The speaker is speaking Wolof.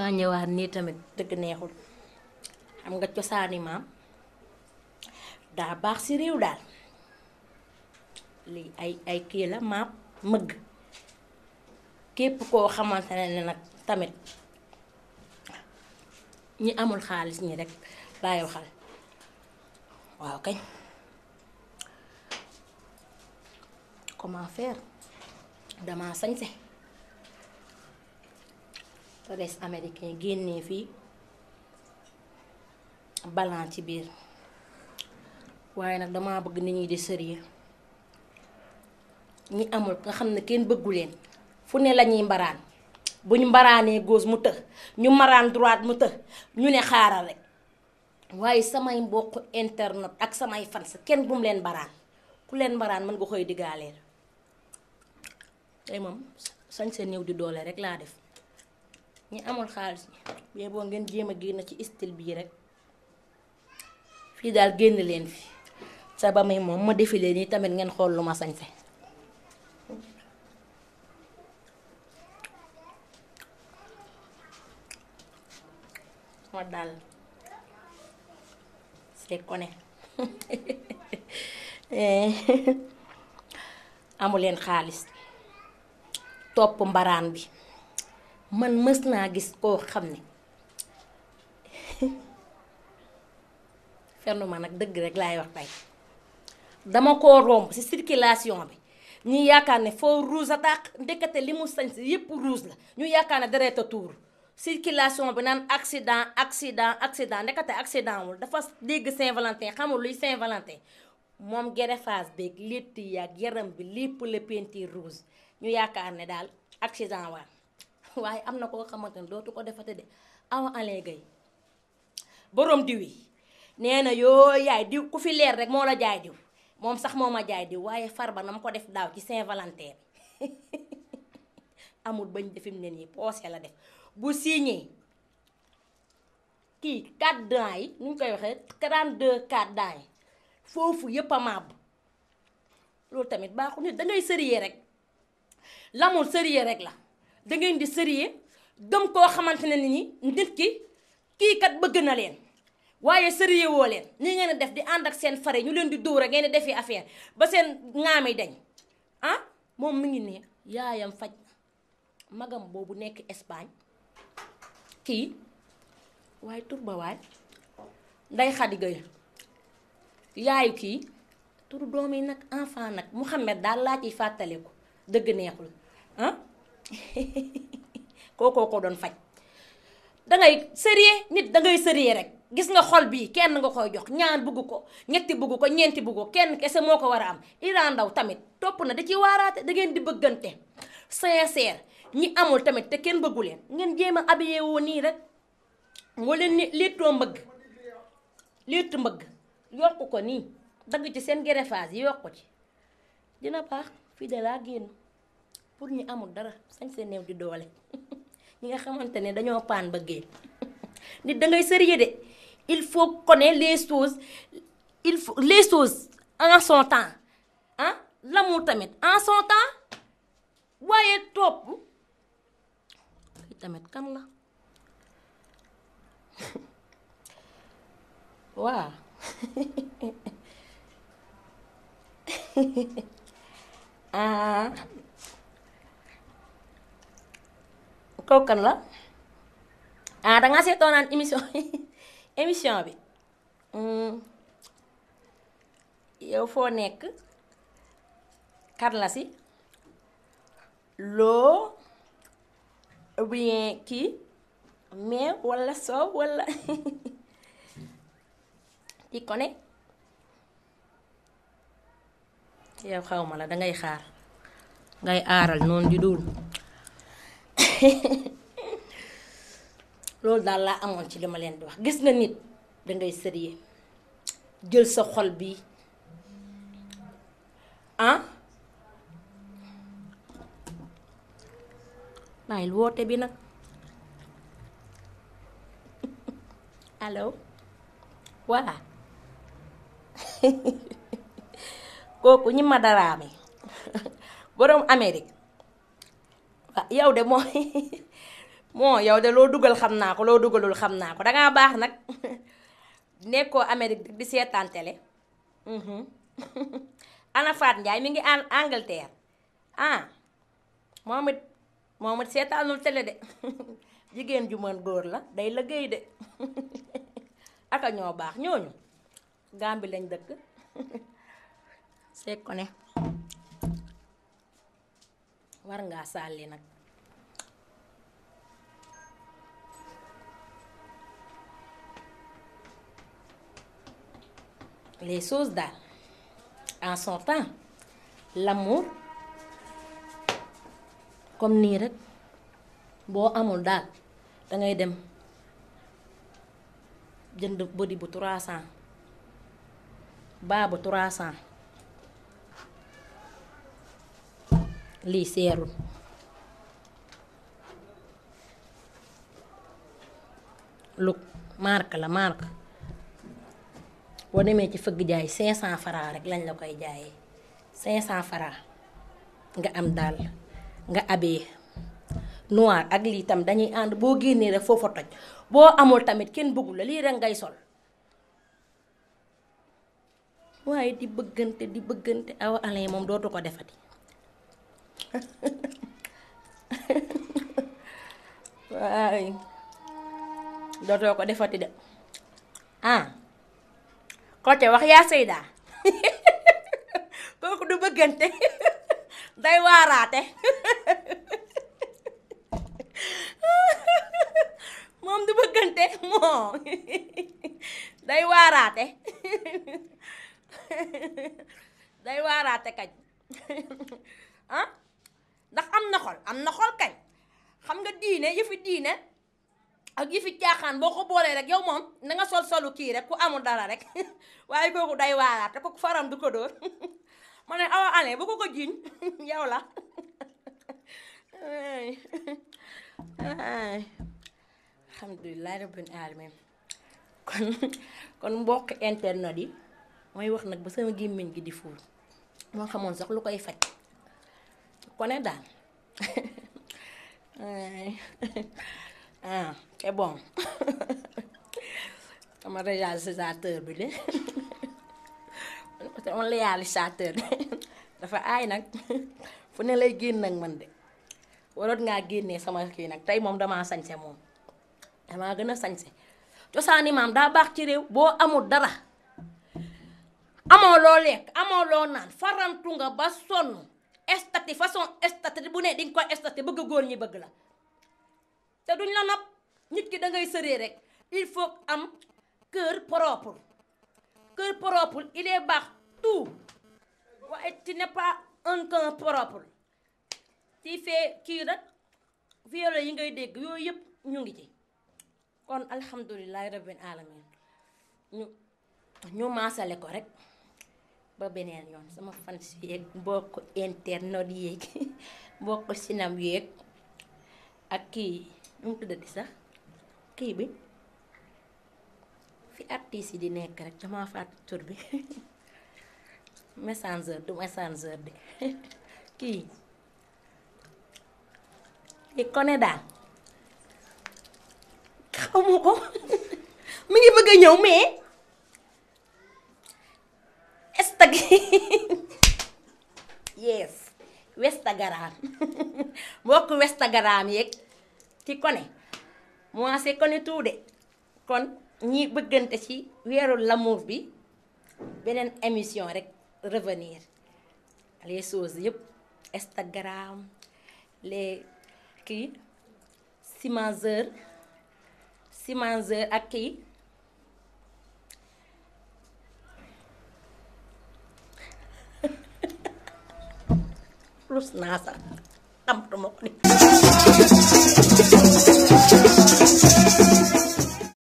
maa nii tamit dëgg neexul xam nga cosaani maam daa baax si réew daal lii ay kii la maam mëgg képp koo xamante ne nag tamit ñi amul xaalis ñi rek laay waxal waaw kañ comment faire dama sañse stress americain génnee fii balan ci biir waaye nag damaa bëgg ni ñi de sérieux ñi amul nga xam ne kenn bëgguleen fu ne la ñuy mbaraan bu ñu mbaraanee gauche mu të ñu maraan droite mu të ñu ne xaarale waaye samay mbokk internet ak samay fans kenn bu mu leen mbaraan ku leen mbaraan mën nga koy digaaleel tey moom sañ seen ñëw di doole rek laa def ñu amul xaalis bi boo ngeen jéem a génn ci style bii rek fii daal génn leen fi sa ba may moom ma défilé nii tamit ngeen xool lu ma sañse ma daal kone conné leen xaalis topp mbaraan bi man mës naa gis koo xam ne fenn ma nag dëgg rek laay wax tey dama koo romb ci circulation bi ñu yaakaar ne foo rouge a tàq li mu sañ si yëpp rouge la ñu yaakaar ne deret tuur circulation bi naan accident accident accident ndekete accident wul dafa dégg Saint-Valentin xamul luy Saint-Valentin moom gerefaas beeg létt yaag yaram bi lépp la peinture rouge ñu yaakaar ne daal accident waa waye amna ko xamanteni xamante dootu ko defate de awa ale gay borom diwi neena yo yaay diw ku fi leer rek mo la jaay diw mom sax moma jaay diw waye farba nam ko def daw ci Saint-Valentin amul bañ defim ne nii posé la def bu signé ki 4 dents yi ñu koy waxe 32 4 dents yi foofu yëpp a màbb tamit baaxul ni da ngay sérieux rek lamul sérieux rek la. da ngeen di sérieux gëm koo xamante ne ni nit ki kii kat bëgg na leen waaye sérieux woo leen ni ngeen def di ànd ak seen fare ñu leen di dóor a ngeen di defee affaire ba seen ŋaam yi dañ ah moom mu ngi ne yaayam faj magam boobu nekk Espagne kii waaye tur ba waay nday xadi gay yaayu kii turu doom yi nag enfant nag Mouhamed daal laa ciy fàttaliku dëgg neexul ah, kookoo ko doon faj dangay sérieux nit dangay sérieux rek gis nga xol bii kenn nga koy jox ñaan bugg ko ñetti bugg ko ñeenti bugg ko kenn kese moo ko war a am Iran Ndao tamit topp na da ci waaraate da ngeen di bëggante sincère ñi amul tamit te kenn bëggu ngeen jéem a woo nii rek moo leen ni léttoo mbëgg léttu mbëgg yokk ko nii dagg ci seen greffage yi yokk ci dina baax fii de génn pour ñu amul dara sañ see néew di doole ñi nga xamante ne dañoo paan bëggee nit da ngay de il faut connaître les choses il faut les choses en son temps ah l'amour tamit en son temps waaye topp tamit kam la waaw ah. kooku kan la ah dangaa seetoonaan émission émission bi mm. yow fo nek kan la si lo bien ki mais wala so wala ti kone yow xawma ma la ngay xaar ngay aral non di dul loolu daal laa amoon ci li ma leen di wax gis nga nit dangay sérieux jël sa xol bi ah bàyyil woote bi nag allo voilà kooku ñi ma daraame boroom Amérique Ah, yow de mooy bon yow de loo dugal xam naa ko loo dugalul xam naa ko dangaa baax nag nekkoo Amérique di seetaan télé mhm. ana Faat Ndiaye mi ngi an Angleterre ah moom it moom it seetaanul télé de jigéen ju mën góor la day liggéey de aka ñoo baax ñooñu Gàmbi lañ dëkk seet ko ne war ngaa sàlli nag les choses daal en son temps comme nii rek boo amul daal dangay dem jënd body bu 300 baa bu 300 lii seerul lug marque la marque boo demee ci fëgg jaay 500 francs rek lañ la koy jaay 500 francs nga am dal nga abé noir ak li tam dañuy and bo génné rek fofu toj bo amul tamit kenn bëggul la li rek ngay sol waye di bëggante di bëggante aw alain mom dootu ko defati waay dootoo ko defati de ah xote wax yaa Seyda kooku du bëggante day waaraate moom du bëggante moom day waaraate day waaraate kañ ah ndax am na xol am na xol kañ xam nga diine yëfi diine ak yëfi caaxaan boo ko boolee rek yow moom na sol solu kii rek ku amul dara rek waaye kooku day waaraat te kooku faram du ko dóor ma ne awa alee ko ko jiiñ yow la alhamdulilah rabbil alamin kon kon internet yi mooy wax nag ba sama gémmiñ gi di fuur moo xamoon sax lu koy faj kone ne daal ah c'est bon sama réalisateur bi de sama réalisateur bi dafa aay nag fu ne lay génn nag man de waroon ngaa génnee sama kii nag tey moom damaa sañse moom damaa gën a sañse cosaani maam daa baax ci réew boo amul dara amoo loo lekk amoo loo naan farantu nga ba sonn estati façon estati bu ne ding ko estati bëgg goor ñi bëgg la té duñ la nop nit ki da ngay sëré rek il faut am cœur propre cœur propre il est bax tout waaye tu n'es pas un cœur propre ti fé ki rek viol yi ngay dégg yoy yëpp ñu ngi ci kon alhamdulilah rabbil alamin ñu ñu maasale ko rek ba beneen yoon sama fans yeeg mbokk internet yeeg mbokk sinam yeeg ak kii nu mu tuddati sax kii bi fi artistes yi di nekk rek dama fàtte tur bi messenger du messenger de kii ki kone daal xamu ko mi ngi bëgg a ñëw mais nag yes Westagaraam mbokk Westagaraam yeeg ci kone moisé kone tuude kon ñi bëggante ci weeru l'amour bi beneen émission rek revenir le choses yëpp Instagram le kii simangeur simangeur ak kii រសនាសាតាមប្រមុខនេះ